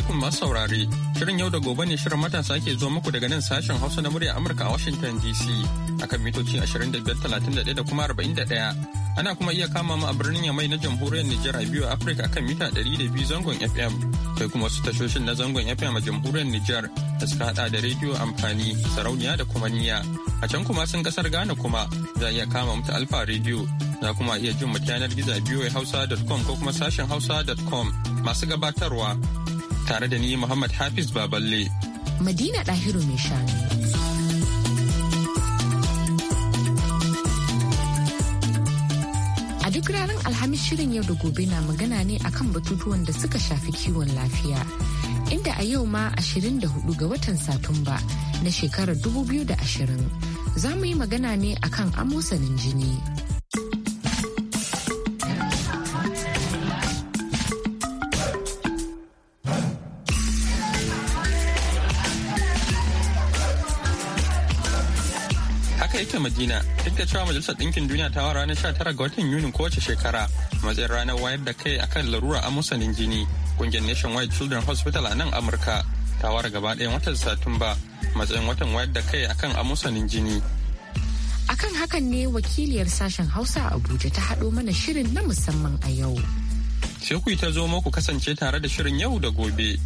alaikum masu saurare. Shirin yau da gobe ne shirin matasa ke zuwa muku daga nan sashen Hausa na murya Amurka a Washington DC akan mitoci 2531 da kuma 41. Ana kuma iya kama mu a birnin Yamai na Jamhuriyar Nijar a biyu Afirka akan mita 200 zangon FM. Sai kuma wasu tashoshin na zangon FM a Jamhuriyar Nijar da suka hada da rediyo amfani, sarauniya da kuma niya. A can kuma sun kasar Ghana kuma za a iya kama mu ta Alfa Radio. Za kuma iya jin mu ta yanar gizo a biyu hausa.com ko kuma sashen hausa.com masu gabatarwa tare da ni Muhammad Hafiz Baballe. Madina Dahiru mai shanu. A duk ranar Alhamis shirin yau da gobe na magana ne akan batutuwan da suka shafi kiwon lafiya. Inda a yau ma 24 ga watan Satumba na shekarar 2020 za mu yi magana ne akan amosanin jini. Madina duk da cewa Majalisar Ɗinkin Duniya ta wa ranar 19 ga watan Yuni kowace shekara matsayin ranar wayar da kai akan larura amusanin jini kungiyar Nationwide Children Hospital a nan Amurka ta wara gaba ɗayan watan Satumba matsayin watan wayar da kai akan amusanin jini. Akan hakan ne wakiliyar sashen Hausa a Abuja ta haɗo mana shirin na musamman a yau. Sai ku ta zo ku kasance tare da shirin yau da gobe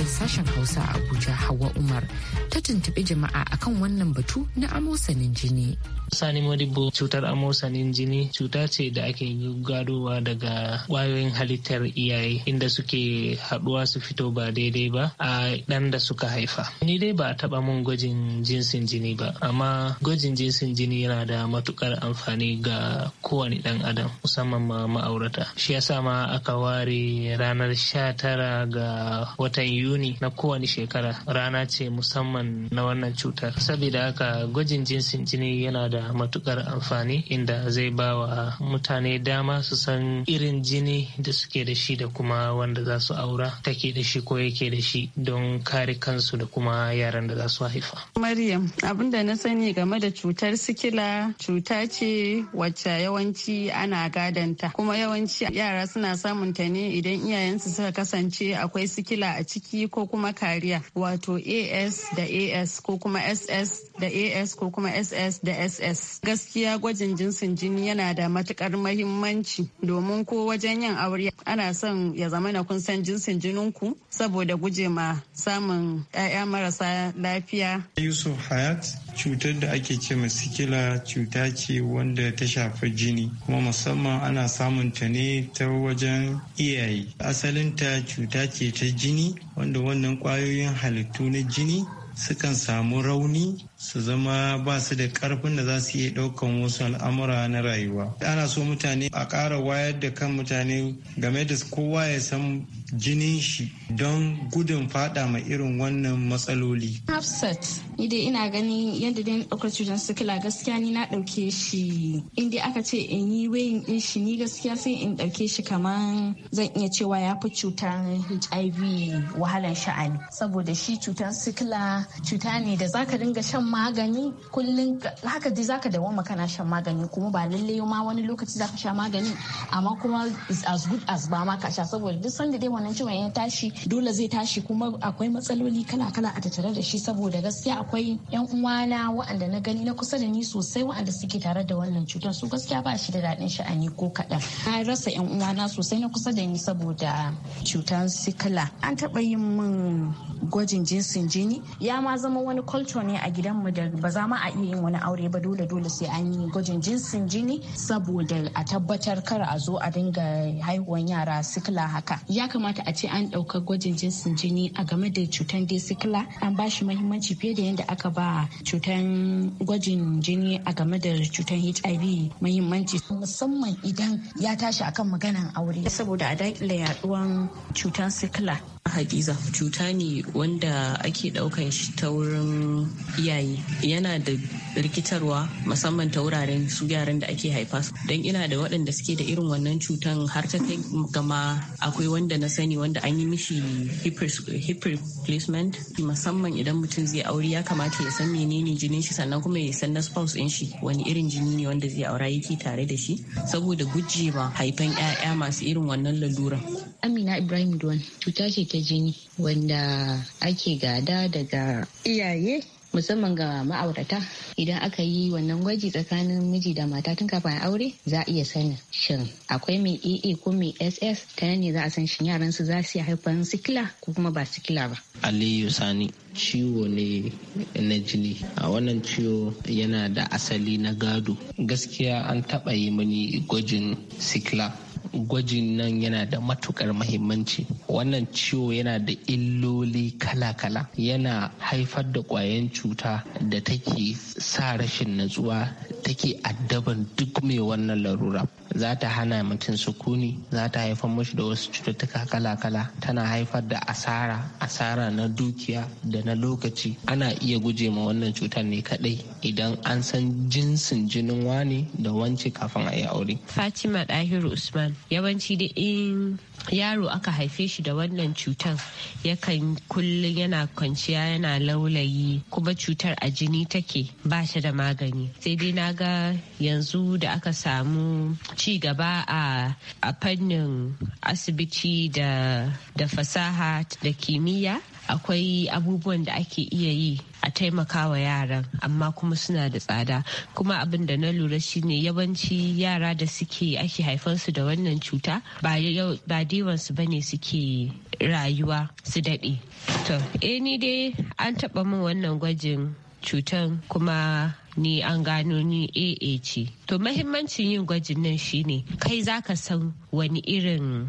muryar sashen Hausa a Abuja Hawa Umar tuntuɓi jama'a akan wannan batu na amosanin jini. Sani Modibo cutar amosanin jini cuta ce da ake gadowa daga ƙwayoyin halittar iyaye inda suke haɗuwa su fito ba daidai ba a ɗan da suka haifa. Ni dai ba a taɓa mun gwajin jinsin jini ba amma gwajin jinsin jini yana da matuƙar amfani ga kowane ɗan adam musamman ma ma'aurata. Shi yasa ma aka ware ranar sha tara ga watan Yuni na kowane shekara rana ce musamman na wannan cutar saboda haka gwajin jinsin jini yana da matukar amfani inda zai ba wa mutane dama su san irin jini da suke da shi da kuma wanda za su aura take da shi ko yake da shi don kare kansu da kuma yaran da za su haifa. Maryam da na sani game da cutar sikila cuta ce wacce yawanci ana gadanta kuma yawanci yara suna samun ta ne idan iyayensu suka kasance akwai sikila a ciki ko kuma kariya wato AS da AS as ko kuma ss da as ko kuma ss da ss gaskiya gwajin jinsin jini yana da matukar mahimmanci domin ko wajen yin aure ana son ya zama na kun san jinsin jininku saboda guje ma samun 'ya'ya marasa lafiya yusuf hayat cutar da ake ce sikila cuta ce wanda ta shafi jini kuma musamman ana samun ta ne ta wajen iyaye asalinta cuta ce ta jini wanda wannan kwayoyin halittu na jini sukan samu rauni su zama ba su da karfin da za su iya ɗaukan wasu al'amura na rayuwa ana so mutane a kara wayar da kan mutane game da kowa ya san jinin shi don gudun fada ma irin wannan matsaloli hafsat ni dai ina gani yadda dai ɗaukar cutar sikila gaskiya ni na ɗauke shi in dai aka ce in yi wayin ɗin shi ni gaskiya sai in ɗauke shi kamar zan iya cewa ya fi cutar hiv wahalan sha'ani saboda shi cutar sikila cuta ne da zaka dinga shan magani kullum haka dai zaka dawoma kana shan magani kuma ba lalle ma wani lokaci zaka sha magani amma kuma is as good as ba ma ka sha saboda duk sanda dai wannan ciwon ya tashi dole zai tashi kuma akwai matsaloli kala-kala a tattare da shi saboda gaskiya akwai yan uwana waɗanda na gani na kusa da ni sosai waɗanda suke tare da wannan cutar su gaskiya ba shi da daɗin sha'ani ko kaɗan na rasa yan uwana sosai na kusa da ni saboda cutar sikila an taɓa yin min gwajin jinsin jini ya ma zama wani culture ne a gidan mu da ba za ma a iya yin wani aure ba dole dole sai an yi gwajin jinsin jini saboda a tabbatar kar a zo a dinga haihuwan yara sikila haka ya kamata a ce an ɗauka gwajin jinsin jini a game da cutan dai sikila an ba shi mahimmanci fiye da yadda aka ba cutan gwajin jini a game da cutan hiv mahimmanci musamman idan ya tashi akan maganan aure saboda a daƙile yaduwan cutan sikila Hadiza cuta ne wanda ake daukan shi ta wurin iyaye yana da rikitarwa musamman ta wuraren su yaran da ake haifa don ina da waɗanda suke da irin wannan cutan har ta kai gama akwai wanda na sani wanda an yi mishi hip replacement musamman idan mutum zai aure ya kamata ya san menene jinin shi sannan kuma ya san na spouse ɗin shi wani irin jini ne wanda zai aura yake tare da shi saboda gujewa haifan 'ya'ya masu irin wannan laluran. Amina Ibrahim Duwan cuta ce ta jini wanda ake gada daga iyaye musamman ga ma'aurata idan aka yi wannan gwaji tsakanin miji da mata tun kafin aure za a iya sanin shin akwai mai aa ko mai ss ta ne za a san shin yaran su za su yi haifan sikila ko kuma ba sikila ba aliyu sani ciwo ne na jini a wannan ciwo yana da asali na gado gaskiya an taɓa yi mani gwajin sikila gwajin nan yana da matukar mahimmanci wannan ciwo yana da illoli kala-kala yana haifar da kwayan cuta da take sa rashin natsuwa take addaban duk mai wannan larura za ta hana mutum sukuni za ta haifar mashi da wasu cututtuka kala-kala tana haifar da asara asara na dukiya da na lokaci ana iya guje ma wannan cutar ne kadai idan an san jinsin jinin wani da wance kafin a yi aure fatima dahiru usman yawanci da in yaro aka haife shi da wannan cutar yakan kullum yana kwanciya yana laulayi kuma cutar a jini take ba shi da magani sai dai na ga yanzu da aka samu ci gaba a fannin asibiti da fasaha da kimiyya akwai abubuwan da ake iya yi a taimakawa yaran amma kuma suna da tsada kuma abin da na lura shine yawanci yara da suke ake haifansu da wannan cuta ba diwansu ne suke rayuwa su daɗe to eh ni dai an taɓa min wannan gwajin cutan kuma ni an gano ni aa ce to mahimmancin yin gwajin nan shine kai zaka san wani irin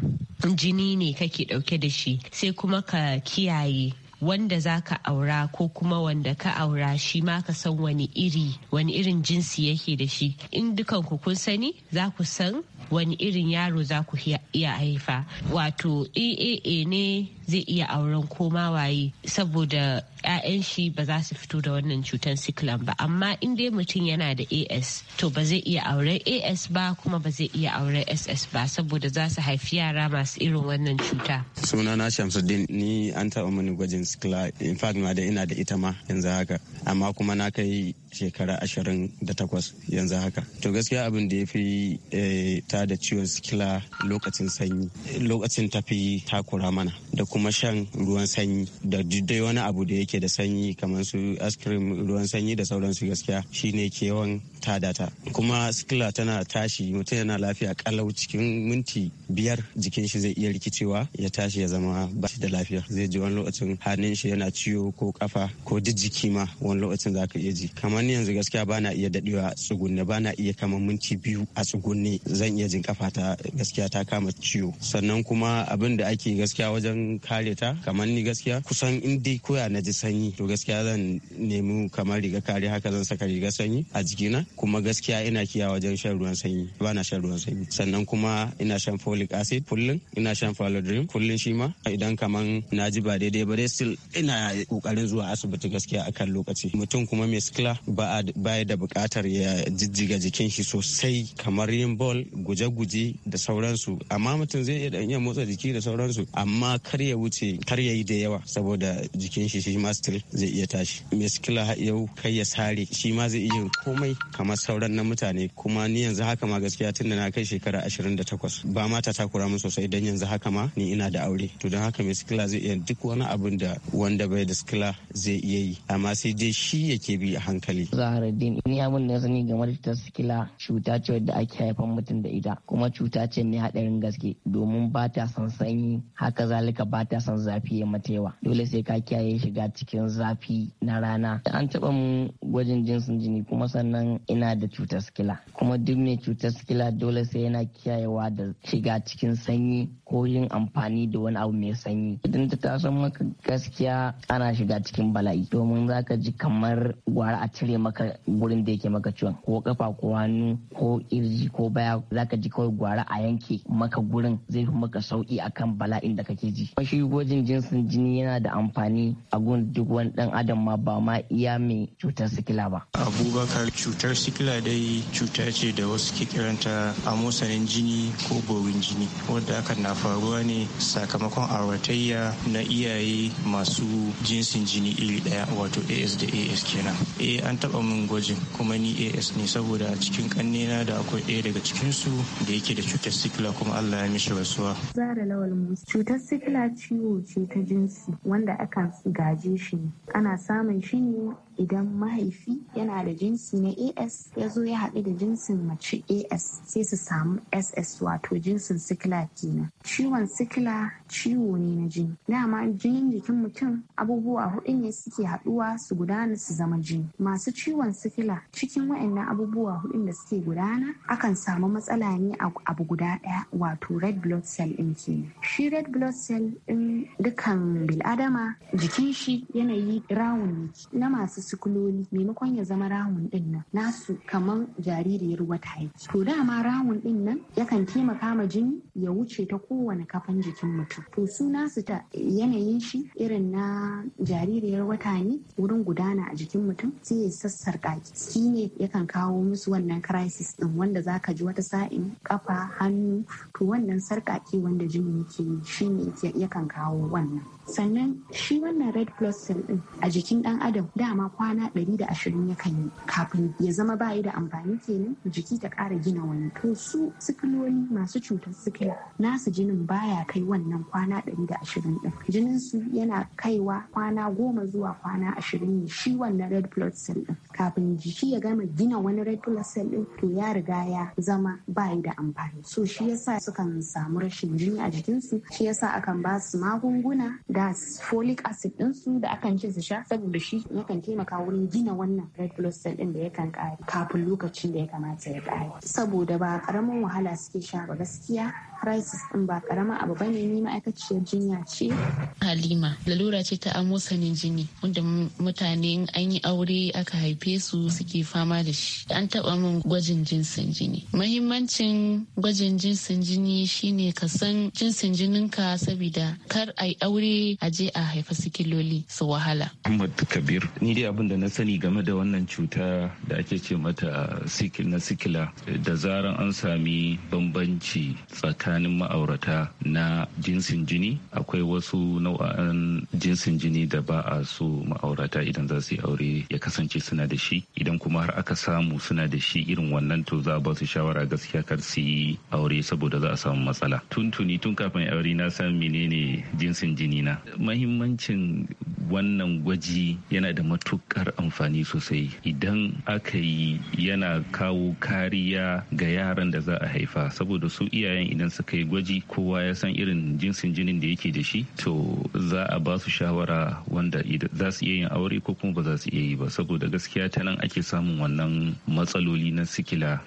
jini ne kake dauke da shi sai kuma ka kiyaye wanda za ka aura ko kuma wanda ka aura shi ma ka san wani iri wani irin jinsi yake da shi in dukanku kun sani za ku san wani irin yaro za ku iya haifa wato aaa ne zai iya auren koma waye saboda 'ya'yan shi ba za su fito da wannan cutar siklan ba amma in dai mutum yana da as to ba zai iya auren as ba kuma ba zai iya auren ss ba saboda za su haifi yara masu irin wannan cuta suna na shamsuddin ni an taɓa mini gwajin sikla in fact ma da ina da ita ma yanzu haka amma kuma na kai shekara ashirin da takwas yanzu haka to gaskiya abin da ya fi eh, ta da ciwon sikila lokacin sanyi lokacin tafi takura mana da kuma shan ruwan sanyi da dai wani abu da yake da sanyi kamar su askirin ruwan sanyi da sauransu gaskiya shine ke yawan tadata kuma sikila tana tashi mutum yana lafiya kalau cikin minti biyar jikin shi zai iya rikicewa ya tashi ya zama ba da lafiya zai ji wani lokacin hannun shi yana ciwo ko kafa ko duk jiki ma wani lokacin zaka iya ji kamar wani yanzu gaskiya bana iya dadewa tsugunne bana iya kama minti biyu a tsugunne zan iya jin kafa ta gaskiya ta kama ciwo sannan kuma abin da ake gaskiya wajen kare ta kamar ni gaskiya kusan in dai koya na ji sanyi to gaskiya zan nemi kamar riga kare haka zan saka riga sanyi a jikina kuma gaskiya ina kiya wajen shan ruwan sanyi bana shan ruwan sanyi sannan kuma ina shan folic acid kullum ina shan falodrim kullum shi ma idan kamar na ji ba daidai ba dai still ina kokarin zuwa asibiti gaskiya akan lokaci mutum kuma mai sikila ba baya da bukatar ya jijjiga jikin shi sosai kamar yin bol guje-guje da sauransu amma mutum zai iya motsa jiki da sauransu amma kar ya wuce kar ya yi da yawa saboda jikin shi shi ma still zai iya tashi mai sikila yau kai ya sare shi ma zai iya komai kamar sauran na mutane kuma ni yanzu haka ma gaskiya tun da na kai shekara 28 ba ma ta takura min sosai dan yanzu haka ma ni ina da aure to don haka mai sikila zai iya duk wani abun da wanda bai da sikila zai iya yi amma sai dai shi yake bi a hankali Zaharaddin. Zaharaddin ni abin mun sani game da cutar sikila cuta ce wadda ake haifan mutum da ita kuma cuta ce mai haɗarin gaske domin ba ta son sanyi haka zalika ba ta son zafi ya mata yawa dole sai ka kiyaye shiga cikin zafi na rana. An taɓa mu gwajin jinsin jini kuma sannan ina da cutar sikila kuma duk mai cutar sikila dole sai yana kiyayewa da shiga cikin sanyi ko yin amfani da wani abu mai sanyi idan ta taso maka gaskiya ana shiga cikin bala'i domin zaka ji kamar gwara a cire maka gurin da yake maka ciwon ko kafa ko hannu ko irji ko baya zaka ji kawai gwara a yanke maka gurin zai fi maka sauki akan bala'in da kake ji shi gwajin jinsin jini yana da amfani a gun duk wani dan adam ma ba ma iya mai cutar sikila ba abubakar cutar sikila dai cuta ce da wasu ke kiranta amosanin jini ko borin jini wadda aka na faruwa ne sakamakon auratayya na iyaye masu jinsin jini iri daya wato as da as kenan eh an taba min gwajin kuma ni as ne saboda a cikin kannena da akwai ɗaya daga cikinsu da yake da cutar sikila kuma allah ya mishi rasuwa zara lawal musu cutar sikila ciwo ce ta jinsi wanda akan gaje shi ana samun shi ne idan mahaifi yana da jinsi na as ya zo ya haɗu da jinsin mace as sai su samu ss wato jinsin sikila kenan ciwon sikila ciwo ne na jini dama jinin jikin mutum abubuwa hudu ne suke haɗuwa su gudana su zama jini masu ciwon sikila cikin waɗannan abubuwa huɗun da suke gudana akan samu matsala ne a abu guda ɗaya wato red blood cell ɗin kenan shi red blood cell ɗin dukkan bil'adama jikin shi yanayi rawun na masu sikuloli maimakon ya zama rawun din nan nasu kaman jaririyar wata yake to dama rawun din nan yakan taimaka ma jini ya wuce ta kowane kafan jikin mutum to su nasu ta yanayin shi irin na jaririyar wata ne wurin gudana a jikin mutum sai ya sassarƙa shi ne yakan kawo musu wannan crisis din wanda zaka ji wata sa'in kafa hannu to wannan sarƙaƙi wanda jini yake yi shi ne yakan kawo wannan sannan shi wannan red blood cell din a jikin dan adam dama kwana 120 kan yi kafin ya zama bayi da amfani kenan jiki ta kara gina wani to su sikiloli masu cutar sikila nasu jinin baya kai wannan kwana 120 din jinin su yana kaiwa kwana goma zuwa kwana 20 ne shi wannan red blood cell din kafin jiki ya gama gina wani red blood cell din to ya riga ya zama bayi da amfani so shi yasa sukan samu rashin jini a jikinsu shi yasa akan ba su magunguna da da folic acid din su da akan ce su sha saboda shi yakan taimaka wurin gina wannan red blood cell din da yakan kare kafin lokacin da ya kamata ya kare saboda ba karamin wahala suke sha ba gaskiya crisis din ba karama abu bane ni ma'aikaciyar jinya ce halima lalura ce ta amo sanin jini wanda mutane an yi aure aka haife su suke fama da shi an taba min gwajin jinsin jini mahimmancin gwajin jinsin jini shine ka san jinsin jininka saboda kar ai aure a je a haifa sikiloli su wahala. Ahmad Kabir, ni dai abin da na sani game da wannan cuta da ake ce mata sikil na sikila da zaran an sami bambanci tsakanin ma'aurata na jinsin jini akwai wasu nau'an jinsin jini da ba a so ma'aurata idan za su yi aure ya kasance suna da shi idan kuma har aka samu suna da shi irin wannan to za ba su shawara gaskiya kar su yi aure saboda za a samu matsala tuntuni tun kafin aure na san menene jinsin jini na mahimmancin wannan gwaji yana da matukar amfani sosai idan aka yi yana kawo kariya ga yaran da za a haifa saboda su iyayen idan suka yi gwaji kowa ya san irin jinsin jinin da yake da shi to za a ba su shawara wanda za su iya yin aure ko kuma ba za su iya yi ba saboda gaskiya ta nan ake samun wannan matsaloli na sikila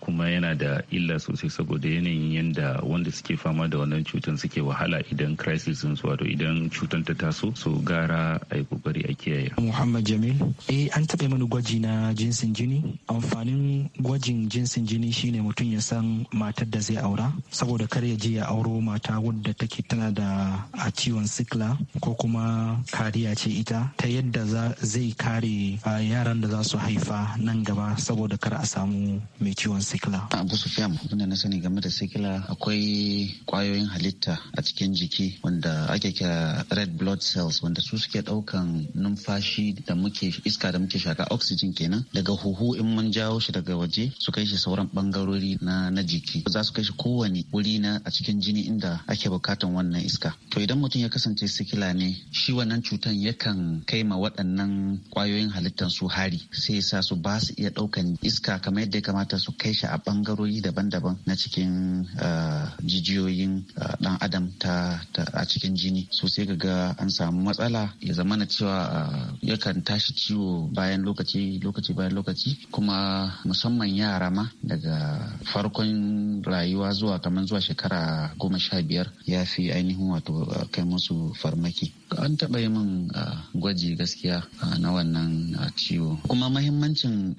kuma yana da illa sosai saboda yanayin yadda wanda suke fama da wannan cutan suke wahala idan crisis sun wato idan cutan ta taso so gara a yi kokari a kiyaye. Muhammad Jamil, eh an taɓa mani gwaji na jinsin jini. Amfanin gwajin jinsin jini shine mutum ya san matar da zai aura saboda kar ya je ya auro mata wadda take tana da a ciwon sikla ko kuma kariya ce ita ta yadda zai kare yaran da za su haifa nan gaba saboda kar a samu mai ciwon sikla. Abu Sufyan, abinda na sani game da sikila akwai kwayoyin halitta a cikin jiki wanda ake kira red blood cells wanda su suke daukan numfashi da muke iska da muke shaka oxygen kenan daga huhu in mun jawo shi daga waje su kai shi sauran bangarori na na jiki za su kai shi kowane wuri na a cikin jini inda ake bukatan wannan iska to idan mutum ya kasance sikila ne shi wannan cutan yakan kai ma waɗannan kwayoyin halittar su hari sai sa su ba su iya daukan iska kamar yadda ya kamata su kai shi a bangarori daban-daban na cikin ah, jijiyoyin dan ah, adam ta a cikin jini sosai sai ga an samu matsala ya zama na cewa ah, yakan tashi ciwo bayan lokaci lokaci bayan lokaci kuma musamman yara ma daga farkon rayuwa zuwa kamar zuwa shekara goma sha biyar ya fi ainihin wato ah, kai musu farmaki an taɓa yi min ah, gwaji gaskiya na wannan ciwo kuma mahimmancin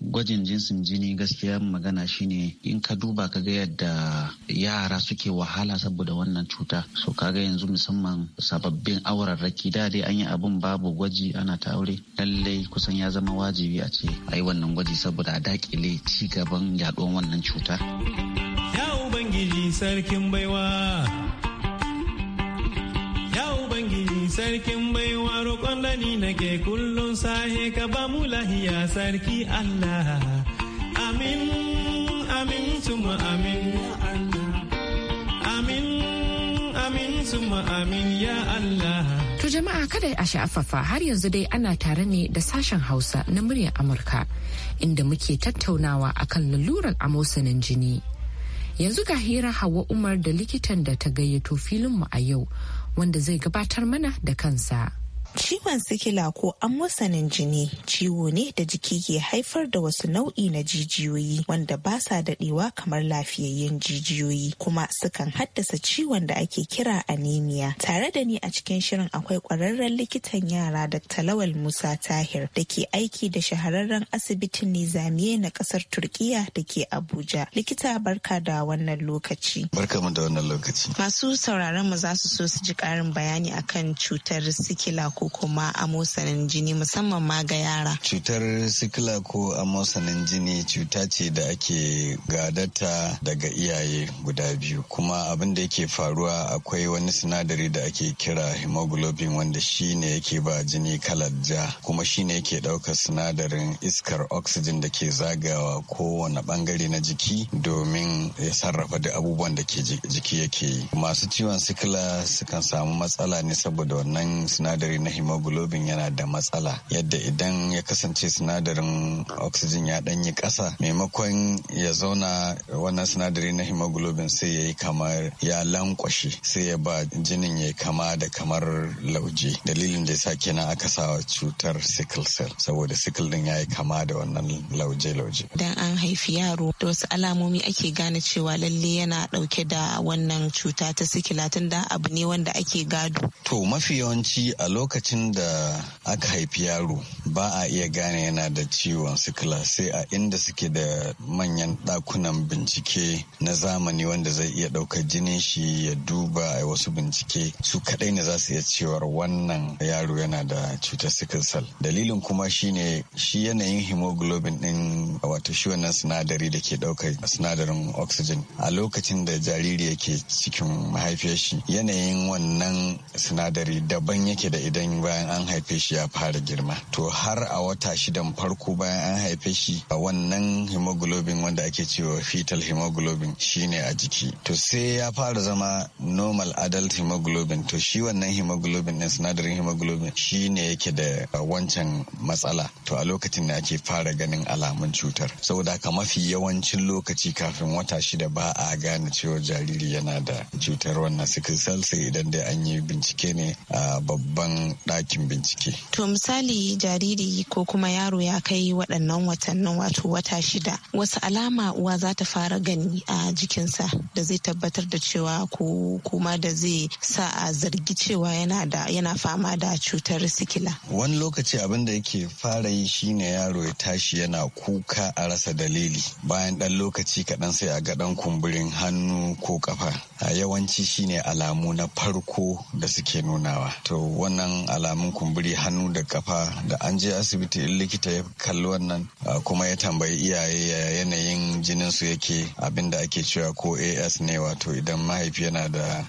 gwajin jinsin jini gaskiya magana shine in ka duba ka ga yadda yara suke wahala saboda wannan cuta so kaga yanzu musamman sababbin aurarraki da dai an yi abun babu gwaji ana ta aure lallai kusan ya zama wajibi a ce a yi wannan gwaji saboda a dakile ci gaban yaduwan wannan cuta ya ubangiji sarkin baiwa ya ubangiji sarkin baiwa roƙon da ni ke kullum sahe ka ba mu lahiya sarki allah amin amin tuma amin amin amin tuma amin ya allah To jama'a kada a sha'afafa har yanzu dai ana tare ne da sashen Hausa na muryar Amurka inda muke tattaunawa akan lalurar amosanin jini. Yanzu ga hira Hawa Umar da likitan da ta gayyato filinmu a yau wanda zai gabatar mana da kansa. Ciwon sikila ko amosanin jini ciwo ne da jiki ke haifar da wasu nau'i na jijiyoyi wanda ba sa daɗewa kamar lafiyayyen jijiyoyi kuma sukan haddasa ciwon da ake kira anemia. Tare da ni a cikin shirin akwai ƙwararren likitan yara da Talawal Musa Tahir da ke aiki da shahararren asibitin Nizamiye na ƙasar Turkiya da ke Abuja. Likita barka da wannan lokaci. Barka da wannan lokaci. Masu sauraron mu za su so su ji ƙarin bayani akan cutar sikila ko kuma amosanin jini musamman ma ga yara. Cutar sikila ko amosanin jini cuta ce da ake gadata daga iyaye guda biyu kuma abin da yake faruwa akwai wani sinadari da ake kira hemoglobin wanda shi ne yake ba jini kalar ja kuma shi ne yake ɗaukar sinadarin iskar oxygen da ke zagawa kowane bangare na jiki domin ya sarrafa da abubuwan da ke jiki yake yi. Masu ciwon sikila sukan samu matsala ne saboda wannan sinadari na hemoglobin yana da matsala yadda idan ya kasance sinadarin oxygen ya ɗanyi kasa maimakon ya zauna wannan sinadari na hemoglobin sai ya yi kamar ya lankwashe sai ya ba jinin ya yi kama da kamar lauje dalilin da yasa kenan aka sa cutar sickle cell saboda sickle din ya yi kama da wannan lauje-lauje. Dan an haifi yaro da wasu alamomi ake gane cewa lalle yana ɗauke da wannan cuta ta sikila tunda abu ne wanda ake gado. To mafi yawanci a lokacin lokacin da aka haifi yaro ba a iya gane yana da ciwon sikila sai a inda suke da manyan ɗakunan bincike na zamani wanda zai iya ɗaukar jinin shi ya duba a wasu bincike su kaɗai ne za su iya cewar wannan yaro yana da cutar sikilsal dalilin kuma shine shi yanayin hemoglobin ɗin wato shi wannan sinadari da ke ɗaukar sinadarin oxygen a lokacin da jariri yake cikin mahaifiyar shi yanayin wannan sinadari daban yake da idan arba'in bayan an haife shi ya fara girma to har a wata shidan farko bayan an haife shi a wannan hemoglobin wanda ake cewa fetal hemoglobin shine a jiki to sai ya fara zama normal adult hemoglobin to shi wannan hemoglobin din sinadarin hemoglobin shine yake da wancan matsala to a lokacin da ake fara ganin alamun cutar saboda haka mafi yawancin lokaci kafin wata shida ba a gane cewa jariri yana da cutar wannan sickle cell sai idan dai an yi bincike ne a babban ɗakin bincike. To misali jariri ko kuma yaro ya kai waɗannan watannin wato wata shida wasu alama uwa za ta fara gani a jikinsa da zai tabbatar da cewa ko kuma da zai sa a zargi cewa yana da yana fama da cutar sikila. Wani lokaci abin da yake fara yi shine yaro ya tashi yana kuka a rasa dalili bayan ɗan lokaci kaɗan sai a ga kumburin hannu ko kafa. A yawanci shine alamu na farko da suke nunawa. To wannan alamun kumburi hannu da kafa da an je asibiti in likita ya kalli wannan kuma ya tambayi iyaye ya yanayin jinin su yake abin da ake cewa ko as ne wato idan mahaifi yana da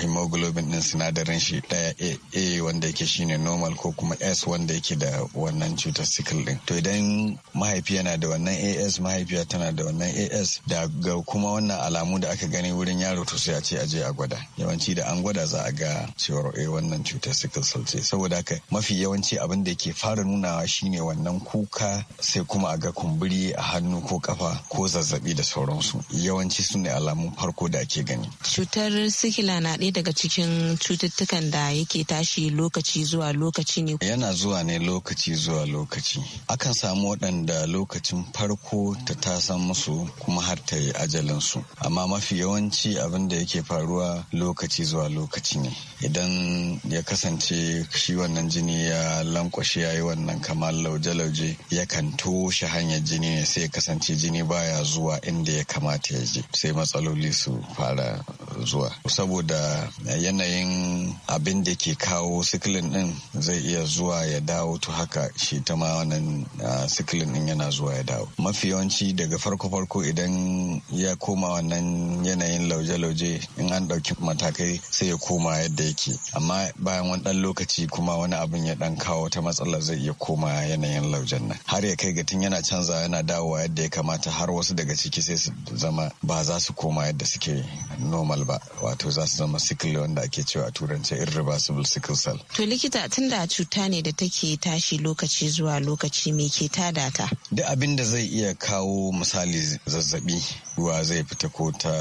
hemoglobin din sinadarin shi daya a wanda yake shine normal ko kuma s wanda yake da wannan cutar sickle din to idan mahaifi yana da wannan as mahaifiya tana da wannan as da kuma wannan alamu da aka gani wurin yaro to sai a ce a je a gwada yawanci da an gwada za a ga cewar a eh, wannan cutar sickle sosai saboda haka mafi yawanci abin da ke fara nunawa shine wannan kuka sai kuma a ga kumburi a hannu ko kafa ko zazzabi da sauransu yawanci su ne alamun farko da ake gani cutar sikila na ɗaya daga cikin cututtukan da yake tashi lokaci zuwa lokaci ne yana zuwa ne lokaci zuwa lokaci akan samu waɗanda lokacin farko ta tasan musu kuma har ta yi ajalinsu amma mafi yawanci abin da yake faruwa lokaci zuwa lokaci ne idan ya kasance shi wannan jini ya lankwashe ya yi wannan kamar lauje-lauje yakan toshe hanyar jini ne sai ya kasance jini baya zuwa inda ya kamata ya je sai matsaloli su fara zuwa saboda yanayin abin da ke kawo sikilin din zai iya zuwa ya dawo to haka shi ta ma wannan sikilin din yana zuwa ya dawo mafi yawanci daga farko-farko idan ya koma wannan yanayin lauje-lauje in an ɗauki matakai sai ya koma yadda yake amma bayan wani ɗan lokaci lokaci kuma wani abin ya dan kawo ta matsala zai iya koma yanayin laujen nan har ya kai ga tun yana canza yana dawowa yadda ya kamata har wasu daga ciki sai su zama ba za su koma yadda suke normal ba wato za su zama sickle wanda ake cewa a turance irreversible sickle cell to likita tun da cuta ne da take tashi lokaci zuwa lokaci me ke tada ta duk abin da zai iya kawo misali zazzabi ruwa zai fita ko ta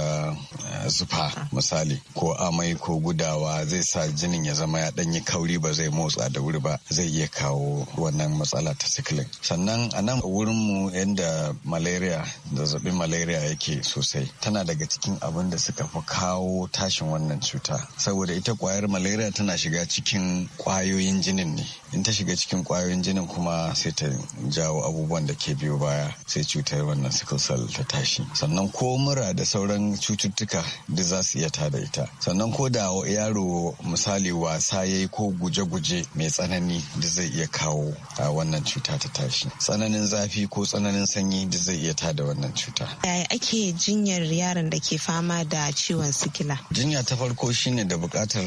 eh, zufa misali ko amai ko gudawa zai sa jinin ya zama ya danyi kauri ba zai motsa da wuri ba zai iya kawo wannan matsala ta sikilin sannan a nan wurinmu yadda malaria zazzabin malaria yake sosai tana daga cikin abin da suka fi kawo tashin wannan cuta saboda ita kwayar malaria tana shiga cikin kwayoyin jinin ne in ta shiga cikin kwayoyin jinin kuma sai ta jawo abubuwan da ke biyo baya sai cutar wannan sickle cell ta tashi sannan ko mura da sauran cututtuka da za su iya tada ita sannan ko da yaro misali wasa ya yi ko guje-guje mai tsanani da zai iya kawo a wannan cuta ta tashi tsananin zafi ko tsananin sanyi da zai iya tada wannan cuta yaya ake jinyar yaron da ke fama da ciwon sikila jinya ta farko shine da bukatar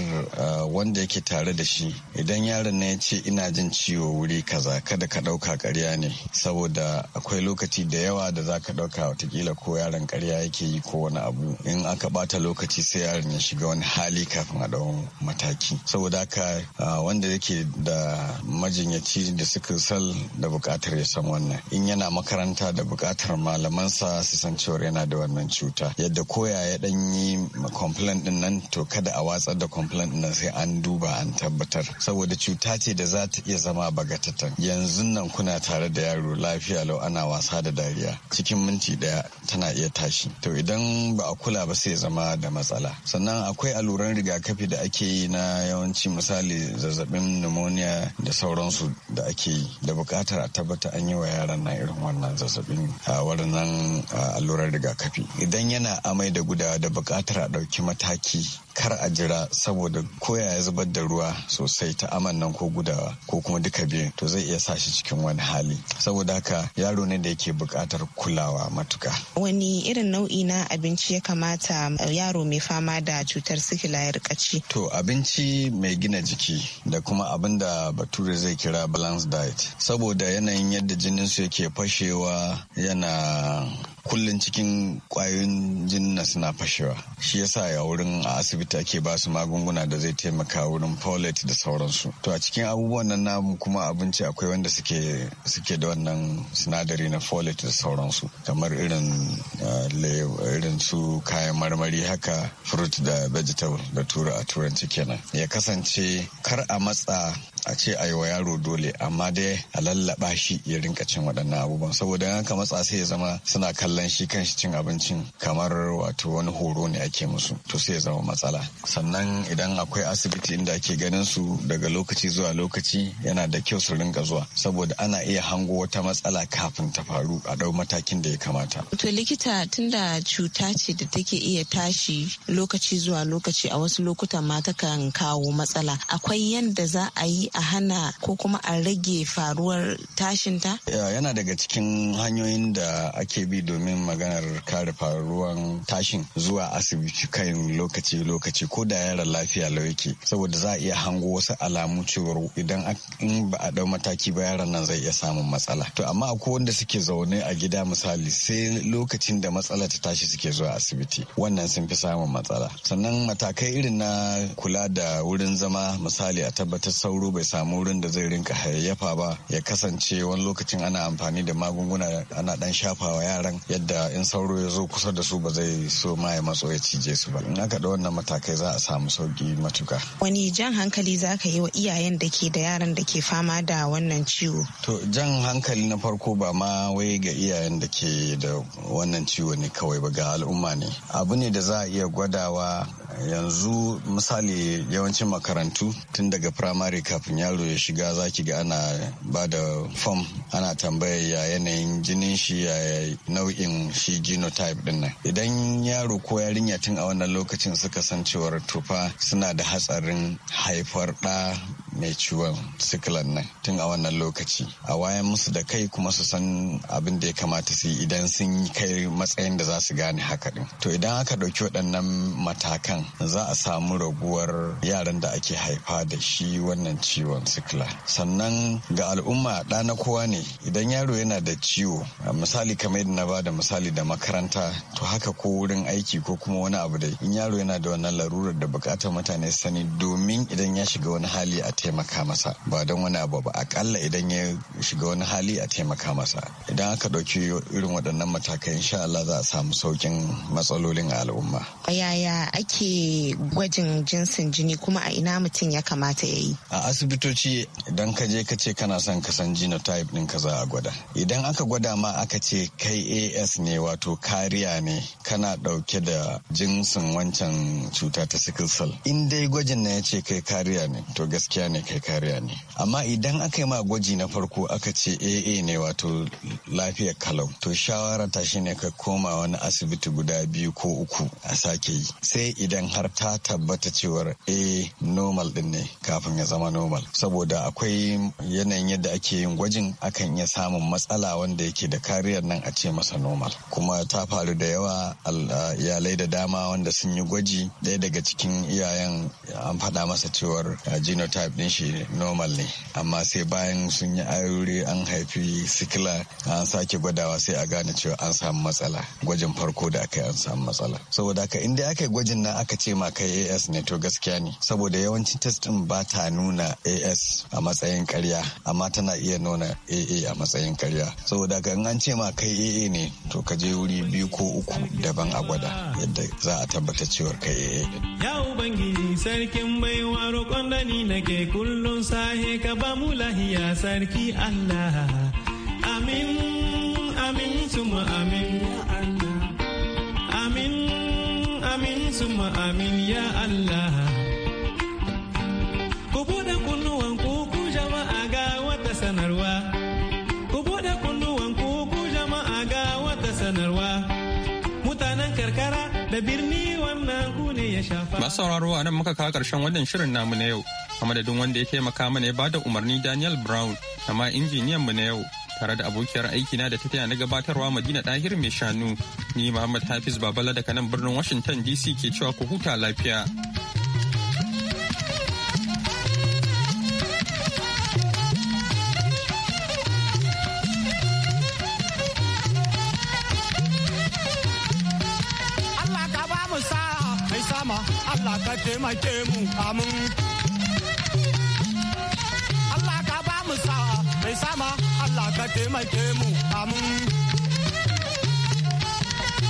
wanda yake tare da shi idan yaron na ya ce ina jin ciwo wuri kaza kada ka dauka karya ne saboda akwai lokaci da yawa da za ka dauka watakila ko yaron karya yake yi ko wani abu in aka bata lokaci sai yaron ya shiga wani hali kafin a ɗau mataki saboda haka wanda yake da majinyaci da suka sal da buƙatar ya san wannan in yana makaranta da buƙatar malamansa su san cewa yana da wannan cuta yadda koya ya ɗan yi complain ɗin nan to kada a watsar da complain ɗin nan sai an duba an tabbatar saboda cuta ce da za ta iya zama bagatatan yanzu nan kuna tare da yaro lafiya lau ana wasa da dariya cikin minti ɗaya tana iya tashi to idan ba a kula ba sai zama da matsala sannan akwai alluran rigakafi da ake yi na yawanci misali zazzabin pneumonia da sauransu da ake yi da bukatar a tabbata an yi wa yaran na irin wannan zazzabin a waɗannan alluran rigakafi idan yana amai da gudawa da bukatar a ɗauki mataki kar a jira saboda koya ya zubar da ruwa sosai ta aman nan ko gudawa ko kuma duka biyun to zai iya sa shi cikin wani hali saboda haka yaro ne da yake buƙatar kulawa matuka. Wani irin nau'i na abinci ya kamata eh, yaro mai fama da cutar sikila ya rika To abinci mai gina jiki da kuma abin da bature zai kira balance diet saboda yanayin yadda jinin su yake fashewa yana kullum cikin kwayoyin jinna suna fashewa shi yasa ya wurin a asibiti ake ba su magunguna da zai taimaka wurin folate da sauransu to a cikin abubuwan nan namu kuma abinci akwai wanda suke suke da wannan sinadari na folate da sauransu kamar irin eh, irin su kayan marmari haka fruit da vegetable da tura a turanci kenan ya kasance kar a matsa a ce a yi wa yaro dole amma dai a lallaba shi ya rinka cin waɗannan abubuwan saboda yan matsa sai ya zama suna kallon shi kan shi cin abincin kamar wato wani horo ne ake musu to sai ya zama matsala sannan idan akwai asibiti inda ake ganin su daga lokaci zuwa lokaci yana da kyau su rinka zuwa saboda ana iya hango wata matsala kafin ta faru a dau matakin da ya kamata. To likita tunda cuta ce da take iya tashi lokaci zuwa lokaci a wasu lokutan ma takan kawo matsala akwai yadda za a yi a hana ko kuma a rage faruwar tashin ta? Yana daga cikin hanyoyin da ake bi domin maganar kare faruwan tashin zuwa asibiti kan lokaci-lokaci ko da yaran lafiya lau yake saboda za a iya hango wasu alamu cewar idan in ba a dau mataki ba yaran nan zai iya samun matsala. To amma akwai wanda suke zaune a gida misali sai lokacin da matsala ta tashi suke zuwa asibiti wannan sun fi samun matsala. Sannan matakai irin na kula da wurin zama misali a tabbatar sauro bai bai samu wurin da zai rinka hayayyafa ba ya kasance wani lokacin ana amfani da magunguna ana dan shafawa yaran yadda in sauro ya zo kusa da su ba zai so ma ya matso ya cije su ba in aka da wannan matakai za a samu sauki matuka wani jan hankali za ka yi wa iyayen da ke da yaran da ke fama da wannan ciwo to jan hankali na farko ba ma wai ga iyayen da ke da wannan ciwo ne kawai ba ga al'umma ne abu ne da za a iya gwadawa yanzu misali yawancin makarantu tun daga firamare kafin yaro ya shiga za ki ga ana ba da fom ana tambaya ya yanayin jinin shi ya nau'in shi genotype din nan idan yaro ko yarinya tun a wannan lokacin suka san cewar tufa suna da hatsarin haifar da mai ciwon sikilan nan tun a wannan lokaci a wayan musu da kai kuma su san abin da ya kamata su yi idan sun kai matsayin da za su gane haka din to idan aka ɗauki waɗannan matakan za a samu raguwar yaran da ake haifa da shi wannan ciwon sikila sannan ga al'umma ɗa na kowa ne idan yaro yana da ciwo misali kamar yadda na bada misali da makaranta to haka ko wurin aiki ko kuma wani abu da in yaro yana da wannan larurar da bukatar mutane sani domin idan ya shiga wani hali a taimaka masa ba don wani abu ba akalla idan ya shiga wani hali a taimaka masa idan aka ɗauki irin waɗannan matakai insha Allah za a samu saukin matsalolin a al'umma yaya ake gwajin jinsin jini kuma a ina mutum ya kamata ya yi a asibitoci idan ka je ka ce kana son ka san genotype din ka za a gwada idan aka gwada ma aka ce kai as ne wato kariya ne kana ɗauke da jinsin wancan cuta ta sickle cell in dai gwajin na ya ce kai kariya ne to gaskiya ne kai kariya ne amma idan aka yi ma gwaji na farko aka ce aa ne wato lafiyar kalau to shawara ta shine ka koma wani asibiti guda biyu ko uku a sake yi sai idan idan har ta tabbata cewar a eh, normal din ne kafin ya zama normal saboda akwai yanayin yadda ake yin gwajin akan iya samun matsala wanda yake da kariyar nan a ce masa normal kuma ta faru da yawa iyalai da dama wanda sun yi gwaji daya daga cikin iyayen an faɗa masa cewar genotype din shi normal ne amma sai bayan sun yi aure an haifi sikila an sake gwadawa sai a gane cewa an samu matsala gwajin farko da aka yi an samu matsala saboda haka inda aka yi gwajin na aka ce ma kai as ne to gaskiya ne saboda yawancin test din ba ta nuna as a matsayin karya amma tana iya nuna aa a matsayin karya saboda ga an ce ma kai aa ne to ka je wuri biyu ko uku daban a gwada yadda za a tabbatar cewar kai aa ya ubangiji sarkin baiwa roƙon da nake kullum sahe ka ba mu lahiya sarki allah amin amin tuma amin amin suma amin ya Allah. Ku buɗe kunnuwan ku jama'a ga wata sanarwa. Ku buɗe kunnuwan ku jama'a ga wata sanarwa. Mutanen karkara da birni wannan ku ne ya shafa. Masu sauraro a nan muka kawo ƙarshen wannan shirin namu na yau. A wanda ya taimaka mana ya bada umarni Daniel Brown, amma injiniyan mu na yau. tare da abokiyar aiki na da ta taya na gabatarwa Madina Dahir mai shanu. Ni Muhammad Hafiz Babala daga nan birnin Washington DC ke cewa ku huta lafiya. Allah ka ba mu sa mai sama, Allah ka taimake mu amin. ka taimake mu amin.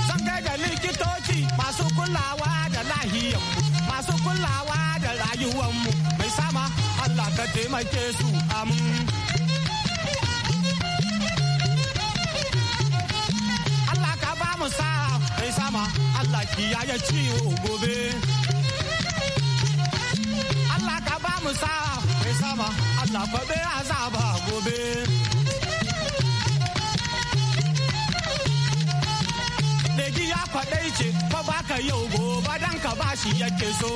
Zan gaida likitoci masu kulawa da lahiyanmu, masu kulawa da rayuwanmu mai sama Allah ka taimake su amin. Allah ka ba mu sa mai sama Allah kiyaye ciwo gobe. Allah ka ba mu sa mai sama Allah kwabe azaba gobe. ji ya faɗai ce fa baka yau gobe dan ka shi yake so.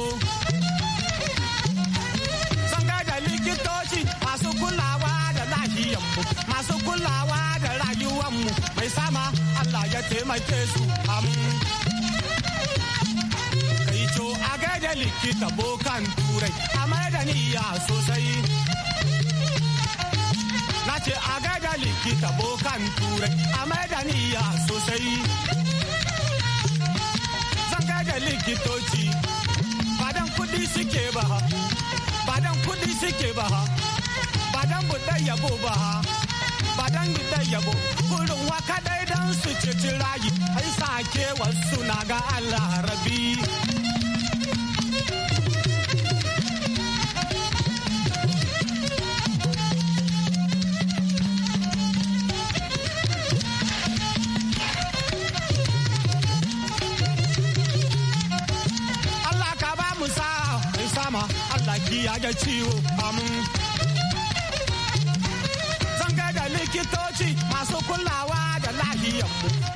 Sanga da likitoci masu kulawa da lahiyanmu masu kulawa da rayuwanmu mai sama Allah ya taimake su Kai to a gaida likita bokan turai a mai da niyya sosai. ce a gaida likita bokan turai a ya sosai. likitoci badan kudi suke ba ha badan kudi suke ba ha badan buɗe yabo ba ha badan gida yabo kurin waka dai dan su ci rayu ai sake wasu na ga Allah rabi ciwo amin. Zan da likitoci masu kulawa da lahiyanmu.